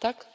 tak?